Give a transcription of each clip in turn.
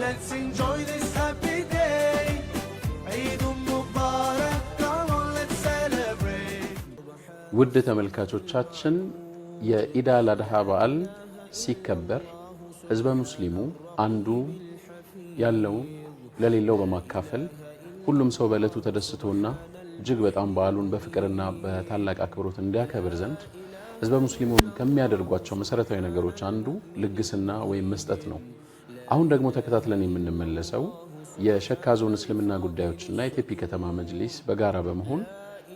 Let's enjoy this happy day. come on, let's celebrate. ውድ ተመልካቾቻችን የኢድ አል አድሃ በዓል ሲከበር ህዝበ ሙስሊሙ አንዱ ያለው ለሌለው በማካፈል ሁሉም ሰው በእለቱ ተደስቶና እጅግ በጣም በዓሉን በፍቅርና በታላቅ አክብሮት እንዲያከብር ዘንድ ህዝበ ሙስሊሙ ከሚያደርጓቸው መሰረታዊ ነገሮች አንዱ ልግስና ወይም መስጠት ነው። አሁን ደግሞ ተከታትለን የምንመለሰው የሸካ ዞን እስልምና ና የቴፒ ከተማ መጅሊስ በጋራ በመሆን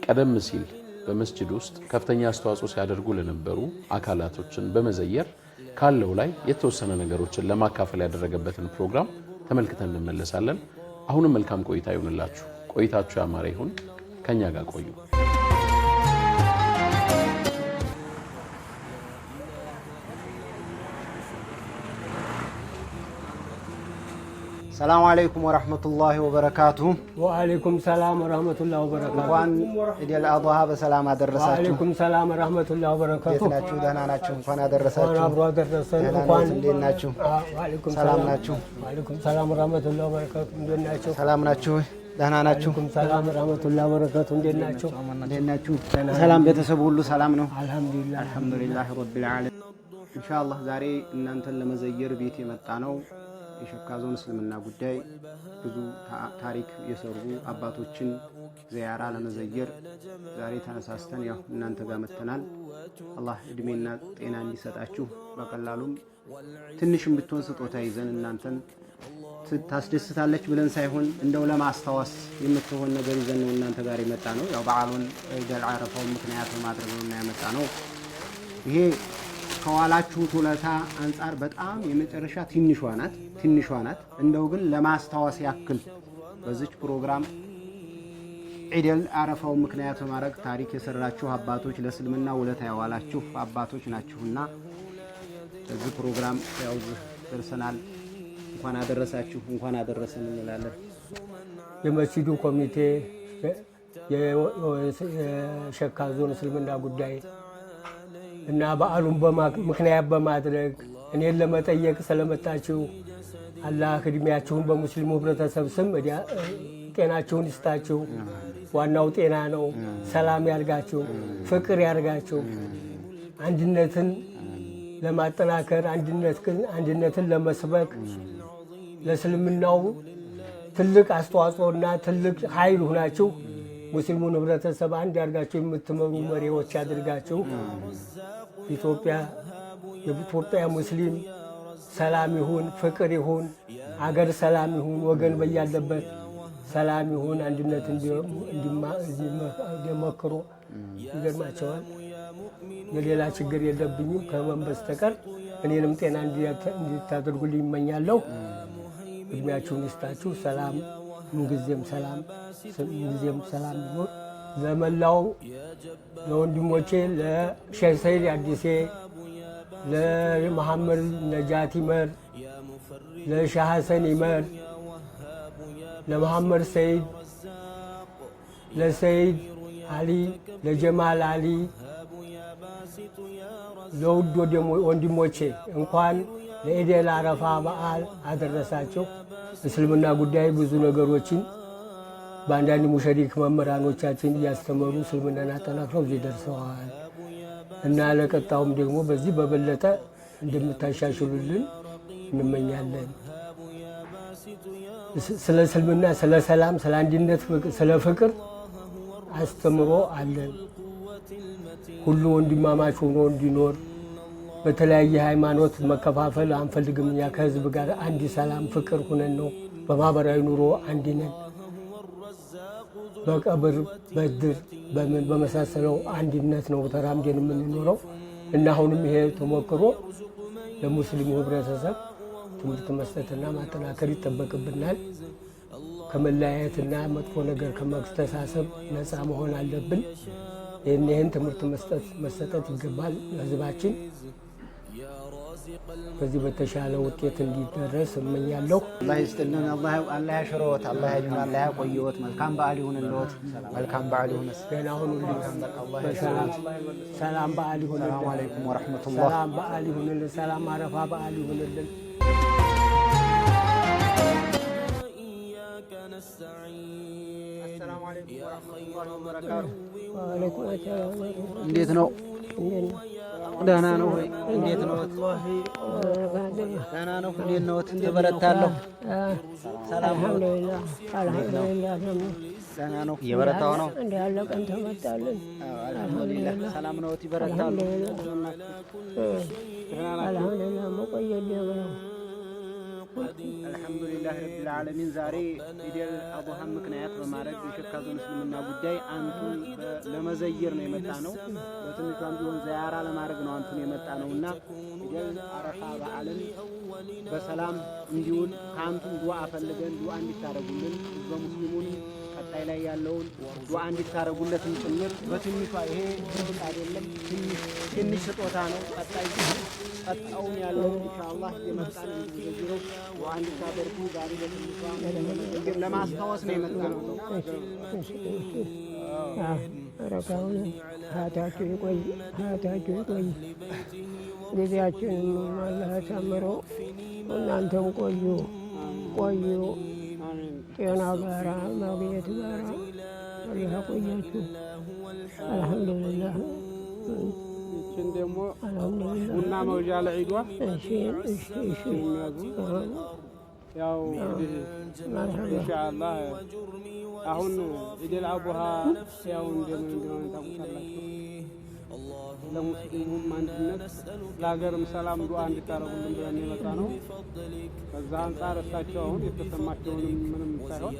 ቀደም ሲል በመስጅድ ውስጥ ከፍተኛ አስተዋጽኦ ሲያደርጉ ለነበሩ አካላቶችን በመዘየር ካለው ላይ የተወሰነ ነገሮችን ለማካፈል ያደረገበትን ፕሮግራም ተመልክተን እንመለሳለን። አሁንም መልካም ቆይታ ይሁንላችሁ። ቆይታችሁ ያማረ ይሁን። ከእኛ ጋር ቆዩ። ሰላም አለይኩም ወረህመቱላሂ ወበረካቱ። ወአለይኩም ሰላም ወረህመቱላሂ ወበረካቱ። እንኳን ኢደል አድሃ በሰላም አደረሳችሁ። ወአለይኩም ሰላም ወረህመቱላሂ ወበረካቱ። እንዴት ናችሁ? ደህና ናችሁ? እንኳን አደረሳችሁ። አብሮ አደረሰን። እንኳን እንዴት ናችሁ? ሰላም ናችሁ? ወአለይኩም ሰላም ወረህመቱላሂ ወበረካቱ። እንዴት ናችሁ? ሰላም ናችሁ? ደህና ናችሁ? ሰላም ረህመቱላህ በረከቱ። እንዴት ናችሁ? እንዴት ናችሁ? ሰላም ቤተሰብ ሁሉ ሰላም ነው? አልሐምዱሊላህ አልሐምዱሊላህ ረቢል ዓለሚን። ኢንሻአላህ ዛሬ እናንተን ለመዘየር ቤት የመጣ ነው የሸካ ዞን እስልምና ጉዳይ ብዙ ታሪክ የሰሩ አባቶችን ዘያራ ለመዘየር ዛሬ ተነሳስተን ያው እናንተ ጋር መጥተናል። አላህ እድሜና ጤና እንዲሰጣችሁ በቀላሉም ትንሽም ብትሆን ስጦታ ይዘን እናንተን ታስደስታለች ብለን ሳይሆን እንደው ለማስታወስ የምትሆን ነገር ይዘን ነው እናንተ ጋር የመጣ ነው። ያው በዓሉን ደልዓረፋውን ምክንያት በማድረግ ነው እና የመጣ ነው ይሄ ከዋላችሁት ውለታ አንጻር በጣም የመጨረሻ ትንሿ ናት ትንሿ ናት። እንደው ግን ለማስታወስ ያክል በዚች ፕሮግራም ዒደል አረፋው ምክንያት በማድረግ ታሪክ የሰራችሁ አባቶች ለእስልምና ውለታ የዋላችሁ አባቶች ናችሁና በዚህ ፕሮግራም ያውዝ ደርሰናል። እንኳን አደረሳችሁ፣ እንኳን አደረሰን እንላለን። የመስጂዱ ኮሚቴ፣ የሸካ ዞን እስልምና ጉዳይ እና በዓሉን ምክንያት በማድረግ እኔን ለመጠየቅ ስለመጣችሁ አላህ እድሜያችሁን በሙስሊሙ ህብረተሰብ ስም ጤናችሁን ይስጣችሁ። ዋናው ጤና ነው። ሰላም ያርጋችሁ፣ ፍቅር ያርጋችሁ። አንድነትን ለማጠናከር አንድነትን ለመስበክ ለእስልምናው ትልቅ አስተዋጽኦና ትልቅ ኃይል ሁናችሁ ሙስሊሙን ህብረተሰብ አንድ ያርጋቸው የምትመሩ መሪዎች ያድርጋቸው። ኢትዮጵያ የኢትዮጵያ ሙስሊም ሰላም ይሁን፣ ፍቅር ይሁን፣ አገር ሰላም ይሁን፣ ወገን በያለበት ሰላም ይሁን፣ አንድነት እንዲመክሮ ይገርማቸዋል። የሌላ ችግር የለብኝም ከመን በስተቀር እኔንም ጤና እንዲታደርጉልኝ ይመኛለሁ። እድሜያችሁን ይስጣችሁ። ሰላም ምንጊዜም ሰላም ጊዜም ሰላም ይኖር። ለመላው ለወንድሞቼ ለሼህ ሰይድ አዲሴ፣ ለመሐመድ ነጃት ይመር፣ ለሻህ ሐሰን ይመር፣ ለመሐመድ ሰይድ፣ ለሰይድ አሊ፣ ለጀማል አሊ፣ ለውድ ወንድሞቼ እንኳን ለኢደል አረፋ በዓል አደረሳቸው። እስልምና ጉዳይ ብዙ ነገሮችን በአንዳንድ ሙሸሪክ መምህራኖቻችን እያስተመሩ እስልምናን አጠናክረው እዚህ ደርሰዋል እና ለቀጣውም ደግሞ በዚህ በበለጠ እንደምታሻሽሉልን እንመኛለን። ስለ እስልምና፣ ስለ ሰላም፣ ስለ አንድነት፣ ስለ ፍቅር አስተምሮ አለን። ሁሉ ወንድማማች ሆኖ እንዲኖር በተለያየ ሃይማኖት መከፋፈል አንፈልግም። እኛ ከህዝብ ጋር አንድ ሰላም፣ ፍቅር ሁነን ነው በማህበራዊ ኑሮ አንድ ነን። በቀብር በድር በምን በመሳሰለው አንድነት ነው ተራምደን የምንኖረው እና አሁንም ይሄ ተሞክሮ ለሙስሊሙ ህብረተሰብ ትምህርት መስጠትና ማጠናከር ይጠበቅብናል። ከመለያየትና መጥፎ ነገር ከመስተሳሰብ ነፃ መሆን አለብን። ይህን ይህን ትምህርት መስጠት መሰጠት ይገባል ለህዝባችን። ከዚህ በተሻለ ውጤት እንዲደረስ እመኛለሁ። አላህ ይስጥልን። አላህ ያሽሮት፣ አላህ ያጁን፣ አላህ ያቆየዎት። መልካም በዓል ይሁን መልካም በዓል ይሁን። ደህና ሁኑ። ሰላም በዓል ይሁን። ሰላም አለይኩም ወረሕመቱላህ። ሰላም በዓል ይሁንልን። ሰላም አረፋ በዓል ይሁንልን። እንዴት ነው? ደህና ነው ወይ? እንዴት ነዎት? ደህና ነው። እንዴት ነዎት? ትበረታለሁ? ሰላም ነው። ደህና ነው። እየበረታሁ ነው። እንዳለቀን ተመጣልን። አልሐምዱሊላህ። ሰላም ነዎት? ይበረታሉ? አልሐምዱሊላህ። አልሐምዱሊላህ ረቢል ዓለሚን ዛሬ ኢዴል አቡሃን ምክንያት በማድረግ የሸካ ዞን እስልምና ጉዳይ አንቱን ለመዘየር ነው የመጣ ነው። በትንሿም ቢሆን ዘያራ ለማድረግ ነው አንቱን የመጣ ነው እና ኢዴል አረፋ በዓልን በሰላም እንዲሁን ከአንቱም ዱዓ ፈልገን ዱዓ እንዲታደረጉልን በሙስሊሙን ቀጣይ ላይ ያለውን ዱዓ እንዲታረጉለትም ጭምር በትንሿ ይሄ ትልቅ አይደለም፣ ትንሽ ስጦታ ነው። ቀጣይ ቀጣውን ያለውን ኢንሻአላህ የመጣን እንዲዘግረው ዱዓ እንድታደርጉ ዛሬ በትንሿ ለማስታወስ ነው የመጣ ነው። ረካው ሀያታችሁ ይቆይ፣ ሀያታችሁ ይቆይ። ጊዜያችንም አላህ ጨምሮ እናንተም ቆዩ ቆዩ ጤና ጋራ ማግኘት ጋራ አላህ ያቆያችሁ። አልሐምዱሊላህ ይችን ደግሞ ቡና መውጃ ለዒዷ ያው እንግዲህ አሁን ኢደል አቡሃ ያው እንደምን እንደሆነ ታውቁታላችሁ። ለሙስሊሙም አንድነት ለሀገርም ሰላም ዱዓ እንድታረጉልን ብለን የመጣ ነው። ከዛ አንጻር እሳቸው አሁን የተሰማቸውንም ምንም ሳይሆን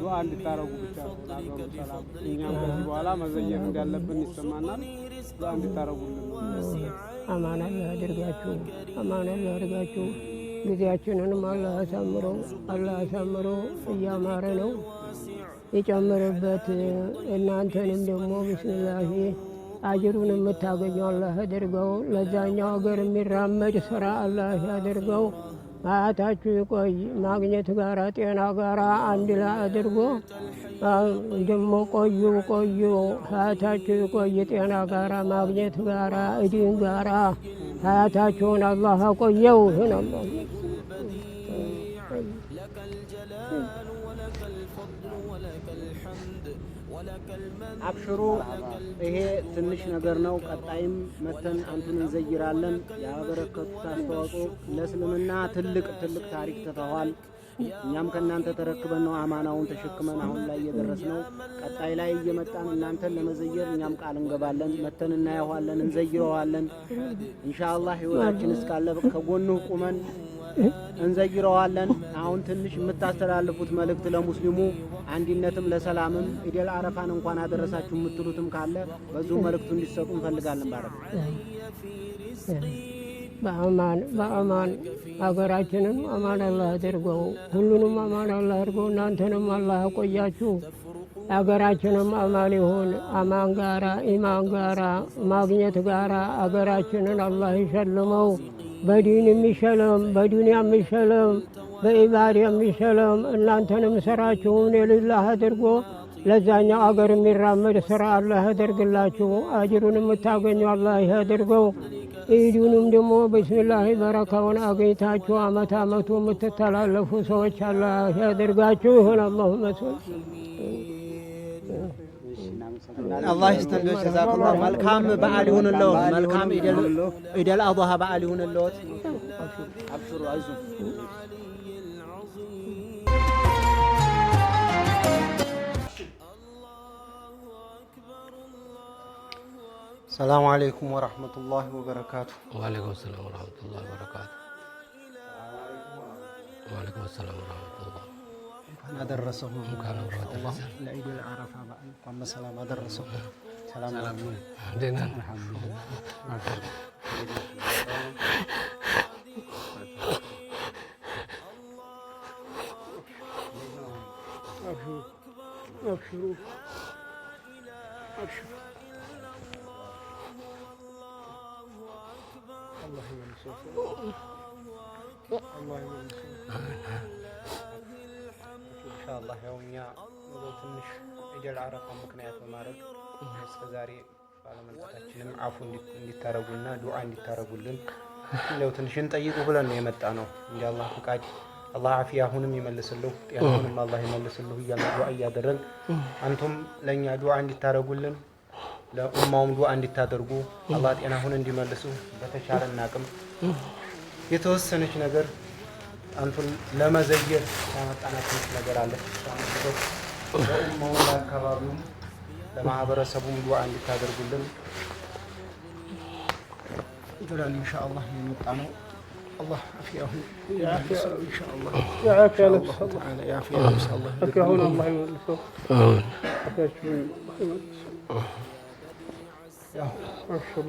ዱዓ እንድታረጉ ብቻ ነው ለሀገሩ ሰላም። እኛም ከዚህ በኋላ መዘየፍ እንዳለብን ይሰማናል። ዱዓ እንድታረጉልን አማና ያድርጋችሁ፣ አማና ያድርጋችሁ። ጊዜያችንንም አላህ አሳምሮ አላህ አሳምሮ እያማረ ነው የጨመረበት። እናንተንም ደግሞ ብስሚላሂ አጅሩን የምታገኘው አላህ ያድርገው። ለዛኛው ሀገር የሚራመድ ስራ አላህ ያድርገው። ማያታችሁ ይቆይ። ማግኘት ጋራ ጤና ጋራ አንድ ላይ አድርጎ ደግሞ ቆዩ ቆዩ። ሀያታችሁ ይቆይ። ጤና ጋራ ማግኘት ጋራ እዲን ጋራ ሀያታችሁን አላህ አቆየው። ይላሉ። አብሽሩ፣ ይሄ ትንሽ ነገር ነው። ቀጣይም መተን አንቱን እንዘይራለን። ያበረከቱት አስተዋጽኦ ለእስልምና ትልቅ ትልቅ ታሪክ ትተዋል። እኛም ከእናንተ ተረክበን ነው አማናውን ተሸክመን አሁን ላይ እየደረስ ነው። ቀጣይ ላይ እየመጣን እናንተን ለመዘየር እኛም ቃል እንገባለን። መተን እናየኋለን፣ እንዘይረዋለን። ኢንሻአላህ ህይወታችን እስካለ ከጎንህ ቁመን እንዘይረዋለን። አሁን ትንሽ የምታስተላልፉት መልእክት ለሙስሊሙ አንድነትም ለሰላምም ኢደል አረፋን እንኳን አደረሳችሁ የምትሉትም ካለ በዙ መልእክቱ እንዲሰጡ እንፈልጋለን። ባረክ በአማን በአማን ሀገራችንም አማን አላህ አድርገው፣ ሁሉንም አማን አላህ አድርገው። እናንተንም አላህ ያቆያችሁ። አገራችንም አማን ይሁን። አማን ጋራ ኢማን ጋራ ማግኘት ጋራ አገራችንን አላህ ይሸልመው። በዲን የሚሸለም በዱንያ የሚሸለም በኢባድ የሚሸለም እናንተንም ስራችሁን የልላህ አድርጎ ለዛኛው አገር የሚራመድ ስራ አላህ ያደርግላችሁ። አጅሩን የምታገኙ አላህ ያደርገው። ኢዱንም ደግሞ ብስሚላህ በረካውን አገኝታችሁ አመት አመቱ የምትተላለፉ ሰዎች አላህ ያደርጋችሁ ይሆን አላሁ አላህ ይስጥልሽ። ጀዛኩላህ መልካም በዓል ይሁንልዎት። መልካም ኢደል አድሃ በዓል ይሁንልዎት። አብሽሩ፣ አይዞ ሰላሙ አለይኩም ወረህመቱላህ ወበረካቱ። ወአለይኩም ሰላም ወረህመቱላህ ወበረካቱ። ወአለይኩም ሰላም አደረሰሁም ለኢዱል አረፋ በዓል እንኳን በሰላም አደረሰሁ። ሰላም አብሽሩ አብሽሩ አላህ ኢንሻአላህ ያው እኛ ትንሽ እጀል አረፋ ምክንያት በማድረግ እስከ ዛሬ ባለመንጣታችንም አፉ እንዲታረጉና ዱዓ እንዲታረጉልን እንደው ትንሽ እንጠይቁ ብለን ነው የመጣ ነው። እንደ አላህ ፈቃድ አላህ አፊያ አሁንም ይመልስልሁ፣ ጤናሁንም አላህ ይመልስልሁ እያለ ዱዓ እያደረን አንቱም ለእኛ ዱዓ እንዲታረጉልን ለኡማውም ዱዓ እንዲታደርጉ አላህ ጤናሁን እንዲመልሱ በተቻለን አቅም የተወሰነች ነገር አንቱን ለመዘየት ያመጣናት ነገር አለ። ለኡማውን፣ ለአካባቢውም፣ ለማህበረሰቡም ዱዓ እንድታደርጉልን ብለን ኢንሻአላህ የመጣ ነው። አላህ አፍያሁን ኢንሻአላህ ያአፊያ ለብስ አላህ ያአፊያ ለብስ አላህ አፍያሁን አላህ ይመልሰው። አሜን። አፍያችሁ ይመልሰው። ያው አሽሩ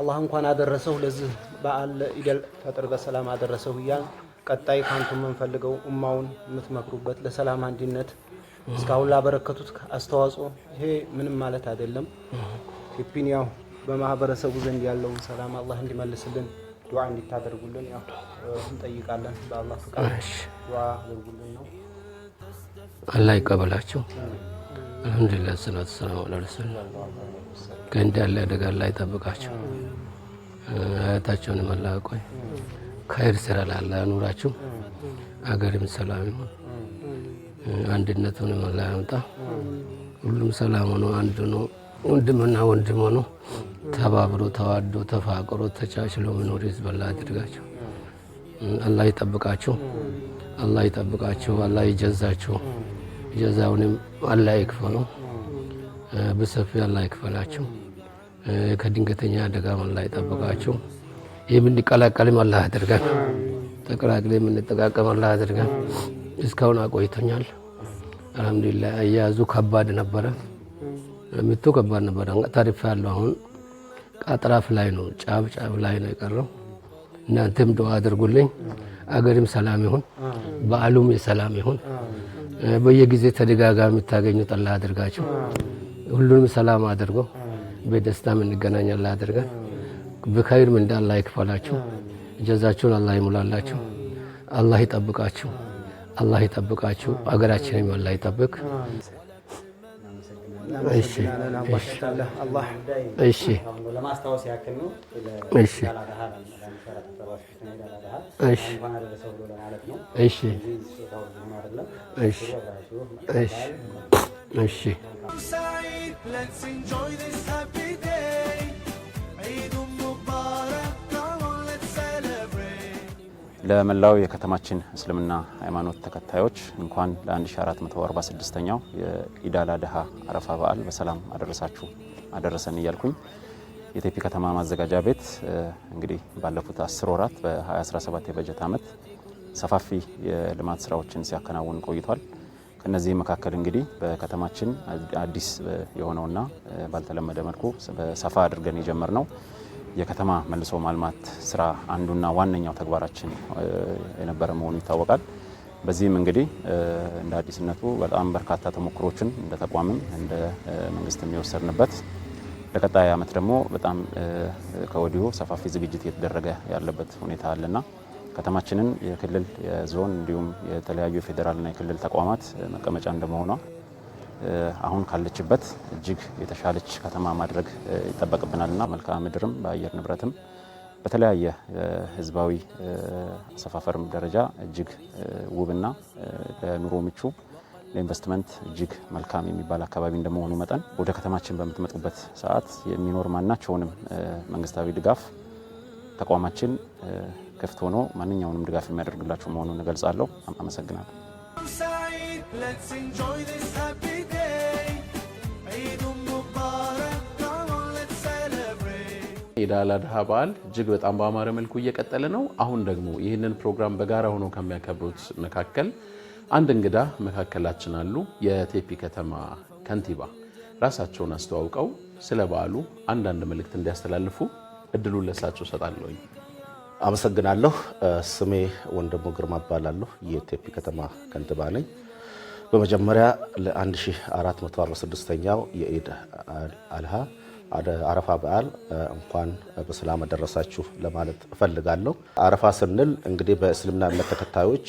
አላህ እንኳን አደረሰው ለዚህ በዓል ኢደል ፈጥር በሰላም አደረሰው እያል ቀጣይ ካንቱ የምንፈልገው ኡማውን የምትመክሩበት ለሰላም አንድነት እስካሁን ላበረከቱት አስተዋጽኦ ይሄ ምንም ማለት አይደለም። ኢፒን ያው በማህበረሰቡ ዘንድ ያለውን ሰላም አላህ እንዲመልስልን ዱዓ እንዲታደርጉልን ያው እንጠይቃለን። በአላህ ፍቃድ ዱዓ አድርጉልን ነው። አላህ ይቀበላችሁ። አልሐምዱሊላህ ሰላቱ ሰላም አላ ረሱልላህ ከእንዲህ ያለ አደጋ ላይ ጠብቃችሁ አያታቸውን መላቆይ ከይር ስራ ላላ ኑራችሁ አገርም ሰላም ይሁን፣ አንድነቱን መላ ያምጣ። ሁሉም ሰላም ሆኖ አንድ ሆኖ ወንድምና ወንድም ሆኖ ተባብሮ ተዋዶ ተፋቅሮ ተቻችሎ መኖር ህዝበላ አድርጋችሁ አላህ ይጠብቃችሁ፣ አላህ ይጠብቃችሁ፣ አላህ ይጀዛችሁ፣ ጀዛውንም አላህ ይክፈለው። በሰፊ ያላ ይክፈላቸው። ከድንገተኛ አደጋ አላ ይጠብቃቸው። የምንቀላቀልም አላ ያደርጋል። ተቀላቅለ የምንጠቃቀም አላህ ያደርጋል። እስካሁን አቆይቶኛል። አልሐምዱሊላ አያያዙ ከባድ ነበረ። ምቶ ከባድ ነበረ። ታሪፍ ያለው አሁን ቃጥራፍ ላይ ነው፣ ጫፍ ጫፍ ላይ ነው የቀረው። እናንተም ዱዓ አድርጉልኝ። አገርም ሰላም ይሁን፣ በዓሉም የሰላም ይሁን። በየጊዜ ተደጋጋሚ የምታገኙት አላህ አድርጋቸው። ሁሉንም ሰላም አድርጎ በደስታም እንገናኛለን አድርገን በኸይር ምንዳ አላህ ይክፈላችሁ። እጀዛችሁን አላህ ይሙላላችሁ። አላህ ይጠብቃችሁ። አላህ ይጠብቃችሁ። አገራችንም አላህ ይጠብቅ። እሺ እሺ ለመላው የከተማችን እስልምና ሃይማኖት ተከታዮች እንኳን ለ1446ኛው የኢዳል አድሃ አረፋ በዓል በሰላም አደረሳችሁ አደረሰን እያልኩኝ የቴፒ ከተማ ማዘጋጃ ቤት እንግዲህ ባለፉት አስር ወራት በ2017 የበጀት ዓመት ሰፋፊ የልማት ስራዎችን ሲያከናውን ቆይቷል። ከነዚህ መካከል እንግዲህ በከተማችን አዲስ የሆነውና ባልተለመደ መልኩ በሰፋ አድርገን የጀመርነው የከተማ መልሶ ማልማት ስራ አንዱና ዋነኛው ተግባራችን የነበረ መሆኑ ይታወቃል። በዚህም እንግዲህ እንደ አዲስነቱ በጣም በርካታ ተሞክሮችን እንደ ተቋምም እንደ መንግስት የሚወሰድንበት ለቀጣይ ዓመት ደግሞ በጣም ከወዲሁ ሰፋፊ ዝግጅት እየተደረገ ያለበት ሁኔታ አለና ከተማችንን የክልል የዞን እንዲሁም የተለያዩ የፌዴራልና የክልል ተቋማት መቀመጫ እንደመሆኗ አሁን ካለችበት እጅግ የተሻለች ከተማ ማድረግ ይጠበቅብናልና መልክዓ ምድርም በአየር ንብረትም በተለያየ ህዝባዊ አሰፋፈርም ደረጃ እጅግ ውብና ለኑሮ ምቹ ለኢንቨስትመንት እጅግ መልካም የሚባል አካባቢ እንደመሆኑ መጠን ወደ ከተማችን በምትመጡበት ሰዓት የሚኖር ማናቸውንም መንግስታዊ ድጋፍ ተቋማችን ክፍት ሆኖ ማንኛውንም ድጋፍ የሚያደርግላችሁ መሆኑን እገልጻለሁ። አመሰግናለሁ። ኢድ አል አድሃ በዓል እጅግ በጣም በአማረ መልኩ እየቀጠለ ነው። አሁን ደግሞ ይህንን ፕሮግራም በጋራ ሆኖ ከሚያከብሩት መካከል አንድ እንግዳ መካከላችን አሉ። የቴፒ ከተማ ከንቲባ ራሳቸውን አስተዋውቀው ስለ በዓሉ አንዳንድ መልእክት እንዲያስተላልፉ እድሉን ለሳቸው እሰጣለሁኝ። አመሰግናለሁ። ስሜ ወንድሙ ግርማ እባላለሁ። የቴፒ ከተማ ከንቲባ ነኝ። በመጀመሪያ ለ1446ኛው የኢድ አልሃ አረፋ በዓል እንኳን በሰላም አደረሳችሁ ለማለት እፈልጋለሁ። አረፋ ስንል እንግዲህ በእስልምና እምነት ተከታዮች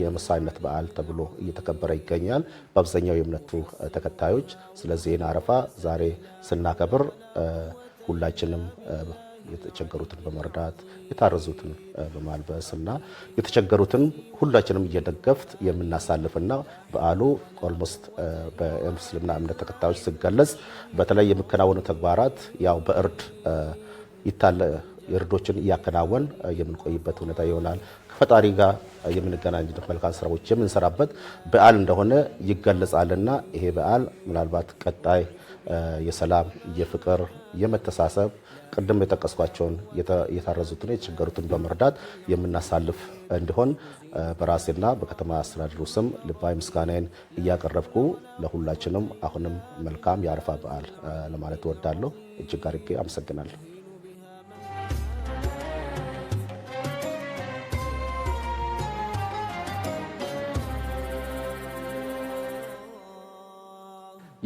የመሳይነት በዓል ተብሎ እየተከበረ ይገኛል በአብዛኛው የእምነቱ ተከታዮች። ስለዚህ ይህን አረፋ ዛሬ ስናከብር ሁላችንም የተቸገሩትን በመርዳት የታረዙትን በማልበስ እና የተቸገሩትን ሁላችንም እየደገፍት የምናሳልፍና በዓሉ ኦልሞስት በሙስሊምና እምነት ተከታዮች ሲገለጽ በተለይ የሚከናወኑ ተግባራት ያው በእርድ ይታለ እርዶችን እያከናወን የምንቆይበት ሁኔታ ይሆናል። ከፈጣሪ ጋር የምንገናኝበት መልካም ስራዎች የምንሰራበት በዓል እንደሆነ ይገለጻልና ይሄ በዓል ምናልባት ቀጣይ የሰላም የፍቅር የመተሳሰብ ቅድም የጠቀስኳቸውን የታረዙትን የተቸገሩትን በመርዳት የምናሳልፍ እንዲሆን በራሴና በከተማ አስተዳደሩ ስም ልባዊ ምስጋናዬን እያቀረብኩ ለሁላችንም አሁንም መልካም የአረፋ በዓል ለማለት እወዳለሁ። እጅግ አድርጌ አመሰግናለሁ።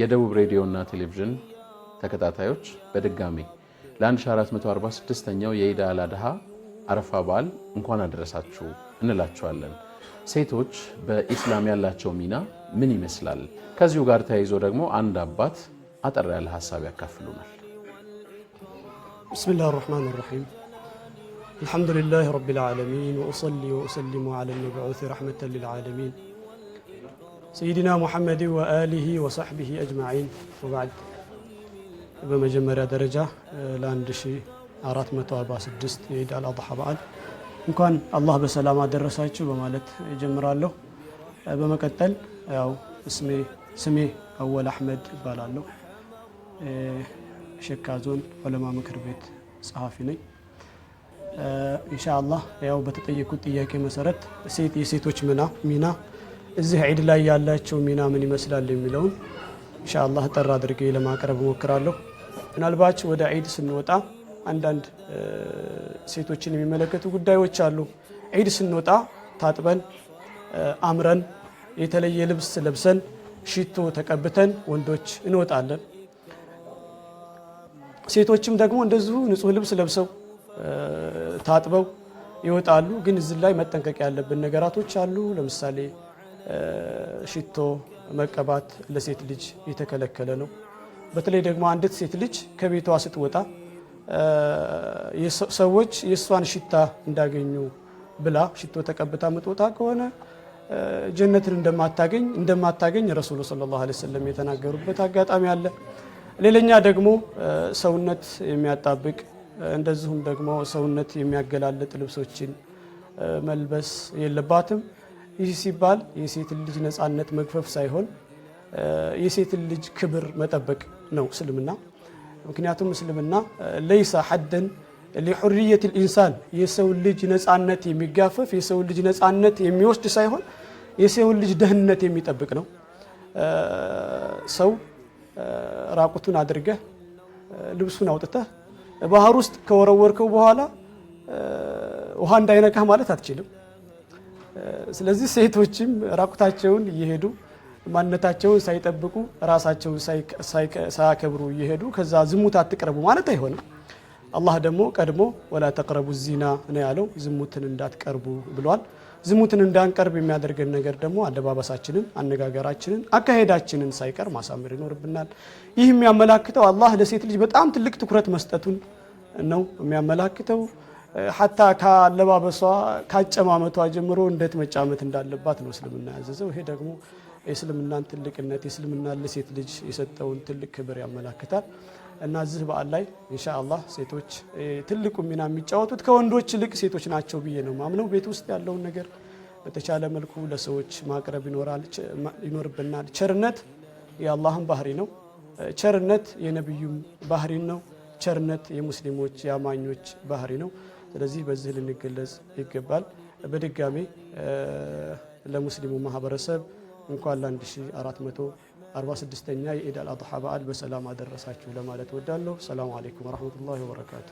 የደቡብ ሬዲዮ እና ቴሌቪዥን ተከታታዮች በድጋሜ ለ1446ኛው የኢድ አል አድሃ አረፋ በዓል እንኳን አደረሳችሁ እንላችኋለን። ሴቶች በኢስላም ያላቸው ሚና ምን ይመስላል? ከዚሁ ጋር ተያይዞ ደግሞ አንድ አባት አጠር ያለ ሀሳብ ያካፍሉናል። ብስሚላህ ራህማን ራሒም አልሐምዱሊላህ ረቢል ዓለሚን ወኡሰሊ ወኡሰሊሙ ዓላ መብዑስ ረሕመተን ሊልዓለሚን ሰይድና ሙሐመድ ወአሊሂ ወሰሕቢሂ አጅማዒን ወባዕድ በመጀመሪያ ደረጃ ለ1446 የኢድ አል በዓል እንኳን አላህ በሰላም አደረሳችሁ በማለት ጀምራለሁ። በመቀጠል ያው ስሜ አወል አህመድ እባላለሁ። ሸካ ዞን ዑለማ ምክር ቤት ጸሐፊ ነኝ። ኢንሻአላህ ያው በተጠየቁት ጥያቄ መሰረት ሴት የሴቶች ሚና እዚህ ዒድ ላይ ያላቸው ሚና ምን ይመስላል የሚለውን ኢንሻአላህ ጠራ አድርጌ ለማቅረብ እሞክራለሁ። ምናልባች ወደ ዒድ ስንወጣ አንዳንድ ሴቶችን የሚመለከቱ ጉዳዮች አሉ። ዒድ ስንወጣ ታጥበን አምረን የተለየ ልብስ ለብሰን ሽቶ ተቀብተን ወንዶች እንወጣለን። ሴቶችም ደግሞ እንደዚሁ ንጹህ ልብስ ለብሰው ታጥበው ይወጣሉ። ግን እዚህ ላይ መጠንቀቅ ያለብን ነገራቶች አሉ። ለምሳሌ ሽቶ መቀባት ለሴት ልጅ የተከለከለ ነው። በተለይ ደግሞ አንዲት ሴት ልጅ ከቤቷ ስትወጣ ሰዎች የእሷን ሽታ እንዳገኙ ብላ ሽቶ ተቀብታ ምትወጣ ከሆነ ጀነትን እንደማታገኝ እንደማታገኝ ረሱሉ ሰለላሁ ዐለይሂ ወሰለም የተናገሩበት አጋጣሚ አለ። ሌላኛ ደግሞ ሰውነት የሚያጣብቅ እንደዚሁም ደግሞ ሰውነት የሚያገላልጥ ልብሶችን መልበስ የለባትም። ይህ ሲባል የሴት ልጅ ነፃነት መግፈፍ ሳይሆን የሴት ልጅ ክብር መጠበቅ ነው እስልምና። ምክንያቱም እስልምና ለይሳ ሐደን ሊሑርየት ልኢንሳን የሰው ልጅ ነፃነት የሚጋፈፍ የሰው ልጅ ነፃነት የሚወስድ ሳይሆን የሰውን ልጅ ደህንነት የሚጠብቅ ነው። ሰው ራቁቱን አድርገህ ልብሱን አውጥተህ ባህር ውስጥ ከወረወርከው በኋላ ውሃ እንዳይነካህ ማለት አትችልም። ስለዚህ ሴቶችም ራቁታቸውን እየሄዱ ማንነታቸውን ሳይጠብቁ ራሳቸውን ሳያከብሩ እየሄዱ ከዛ ዝሙት አትቅረቡ ማለት አይሆንም። አላህ ደግሞ ቀድሞ ወላ ተቅረቡ ዚና ነው ያለው፣ ዝሙትን እንዳትቀርቡ ብሏል። ዝሙትን እንዳንቀርብ የሚያደርገን ነገር ደግሞ አለባበሳችንን፣ አነጋገራችንን፣ አካሄዳችንን ሳይቀር ማሳመር ይኖርብናል። ይህ የሚያመላክተው አላህ ለሴት ልጅ በጣም ትልቅ ትኩረት መስጠቱን ነው የሚያመላክተው። ሀታ ካለባበሷ ካጨማመቷ ጀምሮ እንዴት መጫመት እንዳለባት ነው እስልምና ያዘዘው። ይሄ ደግሞ የእስልምናን ትልቅነት የእስልምና ለሴት ልጅ የሰጠውን ትልቅ ክብር ያመላክታል እና እዚህ በዓል ላይ ኢንሻአላህ ሴቶች ትልቁ ሚና የሚጫወቱት ከወንዶች ይልቅ ሴቶች ናቸው ብዬ ነው ማምነው። ቤት ውስጥ ያለውን ነገር በተቻለ መልኩ ለሰዎች ማቅረብ ይኖርብናል። ቸርነት የአላህም ባህሪ ነው። ቸርነት የነቢዩም ባህሪ ነው። ቸርነት የሙስሊሞች የአማኞች ባህሪ ነው። ስለዚህ በዚህ ልንገለጽ ይገባል። በድጋሚ ለሙስሊሙ ማህበረሰብ እንኳን ለ1446ኛ የኢድ አልአድሓ በዓል በሰላም አደረሳችሁ ለማለት ወዳለሁ። ሰላሙ አለይኩም ወረሕመቱላሂ ወበረካቱ።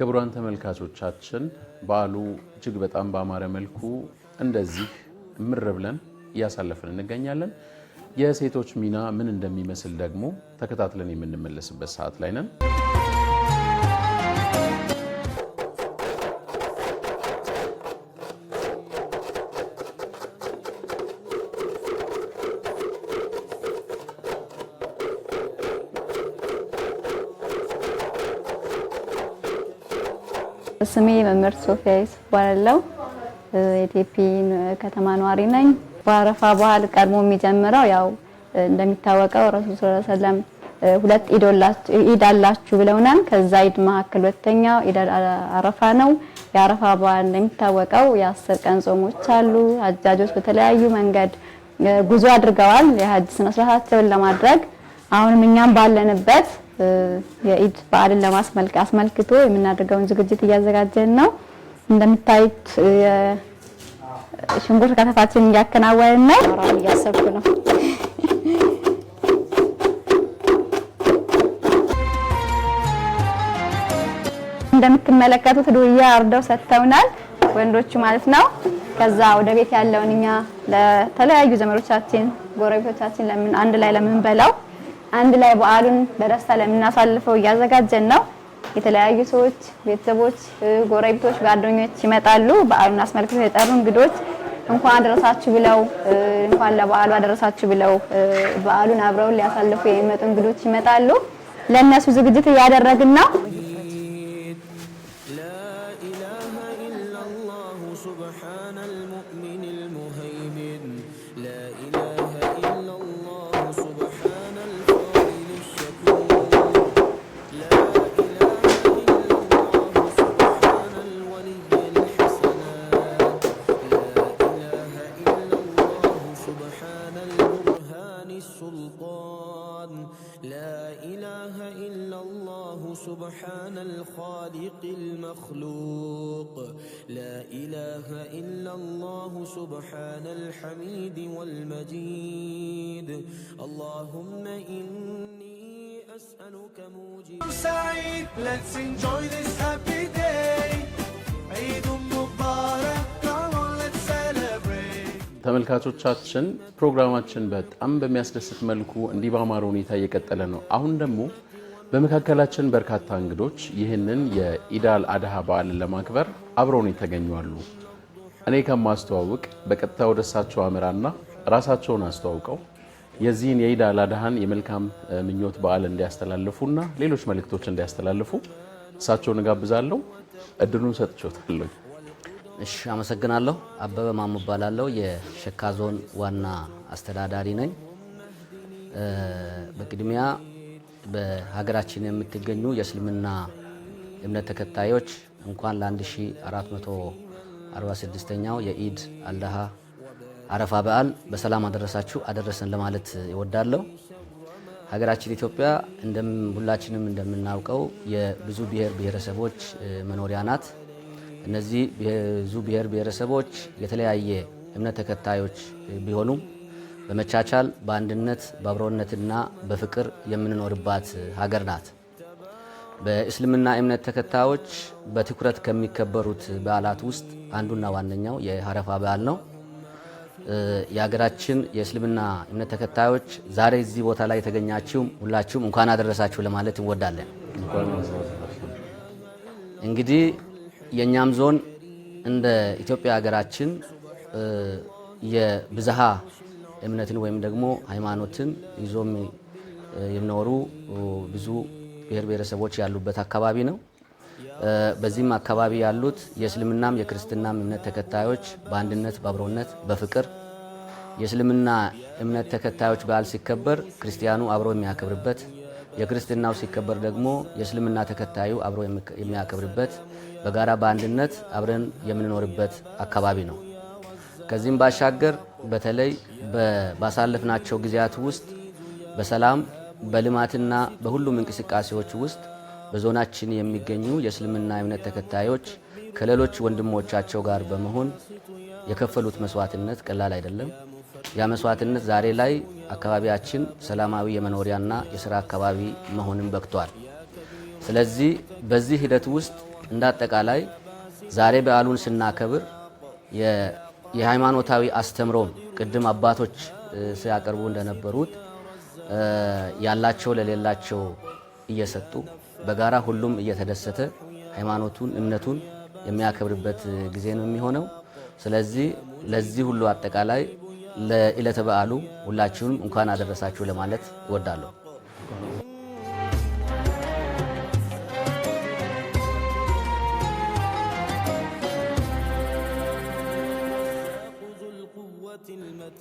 ክቡራን ተመልካቾቻችን በዓሉ እጅግ በጣም ባማረ መልኩ እንደዚህ ምር ብለን እያሳለፍን እንገኛለን። የሴቶች ሚና ምን እንደሚመስል ደግሞ ተከታትለን የምንመለስበት ሰዓት ላይ ነን። ስሜ መምህር ሶፊያ ይስባላለው የቴፒ ከተማ ነዋሪ ነኝ። በአረፋ በዓል ቀድሞ የሚጀምረው ያው እንደሚታወቀው ረሱል ሰለላሁ ዐለይሂ ወሰለም ሁለት ኢድ አላችሁ ብለውናል። ከዛ ኢድ መካከል ሁለተኛው ኢድ አረፋ ነው። የአረፋ በዓል እንደሚታወቀው የአስር ቀን ጾሞች አሉ። አጃጆች በተለያዩ መንገድ ጉዞ አድርገዋል የሀጅ ስነ ለማድረግ። አሁንም እኛም ባለንበት የኢድ በዓልን ለማስመልክ አስመልክቶ የምናደርገውን ዝግጅት እያዘጋጀን ነው እንደምታዩት ሽንኩርት ከተፋችን እያከናወንን ነው። ራም እያሰብኩ ነው። እንደምትመለከቱት ዱያ አርደው ሰጥተውናል፣ ወንዶቹ ማለት ነው። ከዛ ወደ ቤት ያለውን እኛ ለተለያዩ ዘመዶቻችን፣ ጎረቤቶቻችን ለምን አንድ ላይ ለምንበላው አንድ ላይ በዓሉን በደስታ ለምናሳልፈው እያዘጋጀን ነው። የተለያዩ ሰዎች፣ ቤተሰቦች፣ ጎረቤቶች፣ ጓደኞች ይመጣሉ። በዓሉን አስመልክተው የጠሩ እንግዶች እንኳን አደረሳችሁ ብለው እንኳን ለበዓሉ አደረሳችሁ ብለው በዓሉን አብረው ሊያሳልፉ የሚመጡ እንግዶች ይመጣሉ። ለእነሱ ዝግጅት እያደረግን ነው። سبحان الحميد والمجيد اللهم إني أسألك موجب سعيد Let's enjoy this happy day عيد مبارك Come on let's celebrate ተመልካቾቻችን ፕሮግራማችን በጣም በሚያስደስት መልኩ እንዲህ ባማረ ሁኔታ እየቀጠለ ነው። አሁን ደግሞ በመካከላችን በርካታ እንግዶች ይህንን የኢዳል አድሃ በዓልን ለማክበር አብረውን የተገኙ እኔ ከማስተዋውቅ በቀጥታ ወደ እሳቸው አምራና ራሳቸውን አስተዋውቀው የዚህን የኢድ አል አድሃን የመልካም ምኞት በዓል እንዲያስተላልፉና ሌሎች መልእክቶች እንዲያስተላልፉ እሳቸውን እጋብዛለሁ። እድሉን ሰጥቼዎታለሁ። እሺ፣ አመሰግናለሁ። አበበ ማሙ እባላለሁ። የሸካ ዞን ዋና አስተዳዳሪ ነኝ። በቅድሚያ በሀገራችን የምትገኙ የእስልምና እምነት ተከታዮች እንኳን ለ1400 46ኛው የኢድ አልዳሃ አረፋ በዓል በሰላም አደረሳችሁ አደረሰን ለማለት እወዳለሁ። ሀገራችን ኢትዮጵያ ሁላችንም እንደምናውቀው የብዙ ብሔር ብሔረሰቦች መኖሪያ ናት። እነዚህ ብዙ ብሔር ብሔረሰቦች የተለያየ እምነት ተከታዮች ቢሆኑም በመቻቻል በአንድነት በአብሮነትና በፍቅር የምንኖርባት ሀገር ናት። በእስልምና እምነት ተከታዮች በትኩረት ከሚከበሩት በዓላት ውስጥ አንዱና ዋነኛው የአረፋ በዓል ነው። የሀገራችን የእስልምና እምነት ተከታዮች ዛሬ እዚህ ቦታ ላይ የተገኛችሁም ሁላችሁም እንኳን አደረሳችሁ ለማለት እንወዳለን። እንግዲህ የእኛም ዞን እንደ ኢትዮጵያ ሀገራችን የብዝሃ እምነትን ወይም ደግሞ ሃይማኖትን ይዞም የሚኖሩ ብዙ ብሔር ብሔረሰቦች ያሉበት አካባቢ ነው። በዚህም አካባቢ ያሉት የእስልምናም የክርስትናም እምነት ተከታዮች በአንድነት በአብሮነት በፍቅር የእስልምና እምነት ተከታዮች በዓል ሲከበር ክርስቲያኑ አብሮ የሚያከብርበት የክርስትናው ሲከበር ደግሞ የእስልምና ተከታዩ አብሮ የሚያከብርበት በጋራ በአንድነት አብረን የምንኖርበት አካባቢ ነው። ከዚህም ባሻገር በተለይ ባሳለፍናቸው ጊዜያት ውስጥ በሰላም በልማትና በሁሉም እንቅስቃሴዎች ውስጥ በዞናችን የሚገኙ የእስልምና እምነት ተከታዮች ከሌሎች ወንድሞቻቸው ጋር በመሆን የከፈሉት መስዋዕትነት ቀላል አይደለም። ያ መስዋዕትነት ዛሬ ላይ አካባቢያችን ሰላማዊ የመኖሪያና የሥራ አካባቢ መሆንን በቅቷል። ስለዚህ በዚህ ሂደት ውስጥ እንደ አጠቃላይ ዛሬ በዓሉን ስናከብር የሃይማኖታዊ አስተምሮም ቅድም አባቶች ሲያቀርቡ እንደነበሩት ያላቸው ለሌላቸው እየሰጡ በጋራ ሁሉም እየተደሰተ ሃይማኖቱን እምነቱን የሚያከብርበት ጊዜ ነው የሚሆነው። ስለዚህ ለዚህ ሁሉ አጠቃላይ ለዕለተ በዓሉ ሁላችሁም እንኳን አደረሳችሁ ለማለት እወዳለሁ።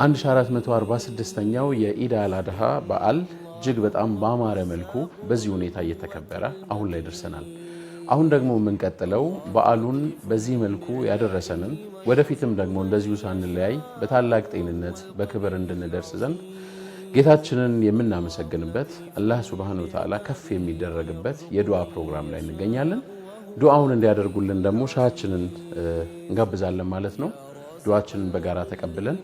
1446ኛው የኢድ አል አድሃ በዓል እጅግ በጣም ባማረ መልኩ በዚህ ሁኔታ እየተከበረ አሁን ላይ ደርሰናል። አሁን ደግሞ የምንቀጥለው በዓሉን በዚህ መልኩ ያደረሰንን ወደፊትም ደግሞ እንደዚሁ ሳንለያይ በታላቅ ጤንነት በክብር እንድንደርስ ዘንድ ጌታችንን የምናመሰግንበት አላህ ሱብሃነሁ ወተዓላ ከፍ የሚደረግበት የዱዓ ፕሮግራም ላይ እንገኛለን። ዱዓውን እንዲያደርጉልን ደግሞ ሻሃችንን እንጋብዛለን ማለት ነው። ዱዓችንን በጋራ ተቀብለን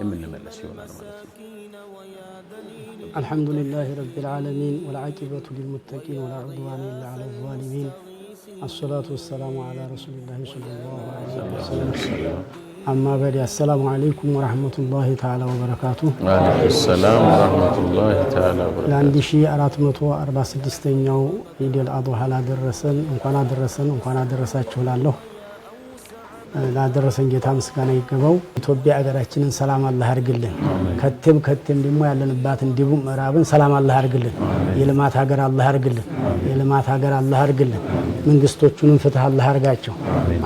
የምንመለስ ይሆናል ማለት ነው። አልሐምዱሊላህ ረቢል ዓለሚን ወልዓቂበቱ ሊልሙተቂን ወላ ዑድዋን ኢላ ዓላ ዛሊሚን አሰላቱ ወሰላሙ ዓላ ረሱሊላህ ሰለላሁ ዓለይሂ ወሰለም። አማ በዲ አሰላሙ አለይኩም ወረሕመቱላሂ ተዓላ ወበረካቱ። ለአንድ ሺህ አራት መቶ አርባ ስድስተኛው ዒድ አል አድሃ ላደረሰን እንኳን አደረሰን እንኳን አደረሳችሁ ላለሁ ላደረሰን ጌታ ምስጋና ይገባው። ኢትዮጵያ ሀገራችንን ሰላም አላህ አድርግልን። ከቴም ከቴም ደግሞ ያለንባትን ደቡብ ምዕራብን ሰላም አላህ አድርግልን። የልማት ሀገር አላህ አድርግልን። የልማት ሀገር አላህ አድርግልን። መንግስቶቹንም ፍትህ አላህ አድርጋቸው።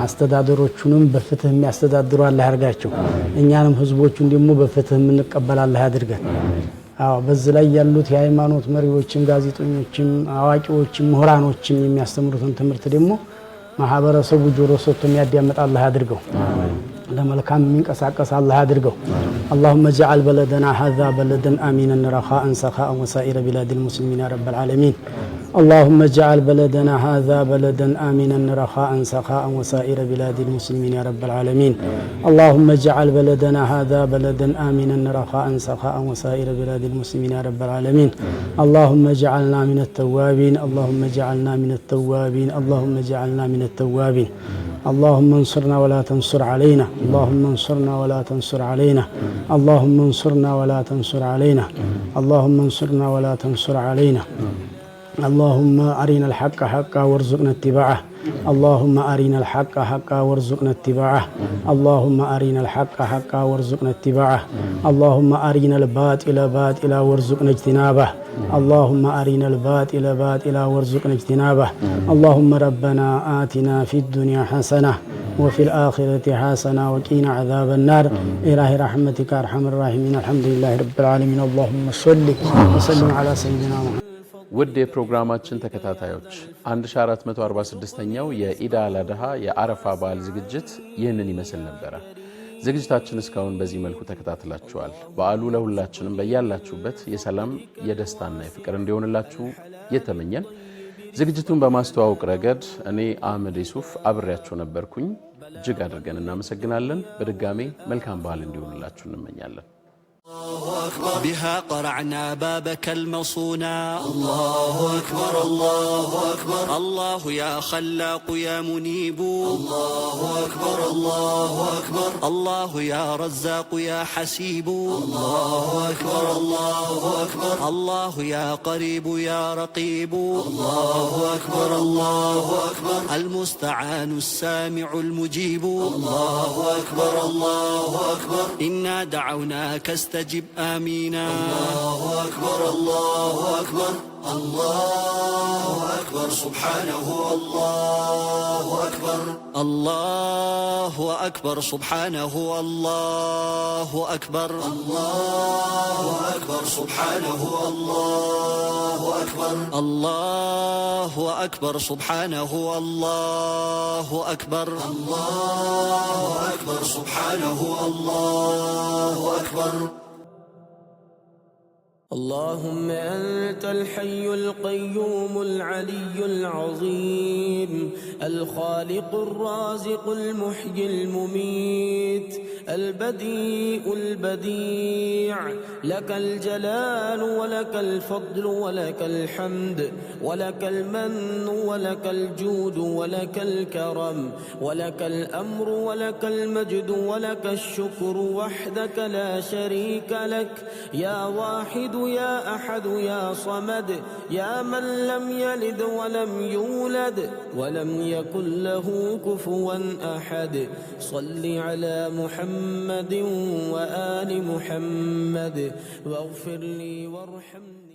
አስተዳደሮቹንም በፍትህ የሚያስተዳድሩ አላህ አድርጋቸው። እኛንም ህዝቦቹን ደግሞ በፍትህ የምንቀበል አላህ አድርገን። አዎ በዚህ ላይ ያሉት የሃይማኖት መሪዎችም፣ ጋዜጠኞችም፣ አዋቂዎችም፣ ምሁራኖችም የሚያስተምሩትን ትምህርት ደግሞ ማህበረሰቡ ጆሮ ሰጥቶ የሚያዳምጥ አላህ አድርገው። ለመልካም የሚንቀሳቀስ አላህ አድርገው። አላሁመ ጀዓል በለደና ሀዛ በለደን አሚነን ረኻአን ሰኻአን ወሳኢረ ቢላድ ልሙስሊሚን ያረበልዓለሚን اللهم اجعل بلدنا هذا بلدا امنا رخاء سخاء وسائر بلاد المسلمين يا رب العالمين اللهم اجعل بلدنا هذا بلدا امنا رخاء سخاء وسائر بلاد المسلمين يا رب العالمين اللهم اجعلنا من التوابين اللهم اجعلنا من التوابين اللهم اجعلنا من التوابين اللهم انصرنا ولا تنصر علينا اللهم انصرنا ولا تنصر علينا اللهم انصرنا ولا تنصر علينا اللهم انصرنا ولا تنصر علينا اللهم أرنا الحق حقا وارزقنا اتباعه اللهم أرنا الحق حقا وارزقنا اتباعه اللهم أرنا الحق حقا وارزقنا اتباعه اللهم أرنا الباطل باطلا وارزقنا اجتنابه اللهم أرنا الباطل باطلا وارزقنا اجتنابه اللهم ربنا آتنا في الدنيا حسنة وفي الآخرة حسنة وقنا عذاب النار إله رحمتك أرحم الراحمين الحمد لله رب العالمين اللهم صل وسلم على سيدنا محمد ውድ የፕሮግራማችን ተከታታዮች 1446ኛው የኢድ አል አድሃ የአረፋ በዓል ዝግጅት ይህንን ይመስል ነበረ። ዝግጅታችን እስካሁን በዚህ መልኩ ተከታትላችኋል። በዓሉ ለሁላችንም በያላችሁበት የሰላም የደስታና የፍቅር እንዲሆንላችሁ የተመኘን ዝግጅቱን በማስተዋወቅ ረገድ እኔ አህመድ ሱፍ አብሬያቸው ነበርኩኝ። እጅግ አድርገን እናመሰግናለን። በድጋሜ መልካም በዓል እንዲሆንላችሁ እንመኛለን። بها قرعنا بابك المصونا الله أكبر الله أكبر الله يا خلاق يا منيب الله أكبر الله أكبر الله يا رزاق يا حسيب الله أكبر الله أكبر الله يا قريب يا رقيب الله أكبر الله أكبر المستعان السامع المجيب الله أكبر الله أكبر إنا دعوناك استجب نجيب آمينا الله أكبر الله أكبر الله أكبر سبحانه الله أكبر الله أكبر سبحانه الله أكبر الله أكبر سبحانه الله أكبر الله أكبر سبحانه الله أكبر الله أكبر سبحانه الله أكبر اللهم أنت الحي القيوم العلي العظيم الخالق الرازق المحيي المميت البديء البديع لك الجلال ولك الفضل ولك الحمد ولك المن ولك الجود ولك الكرم ولك الأمر ولك المجد ولك الشكر وحدك لا شريك لك يا واحد يا أحد يا صمد يا من لم يلد ولم يولد ولم يكن له كفوا أحد صل على محمد محمد وآل محمد واغفر لي وارحمني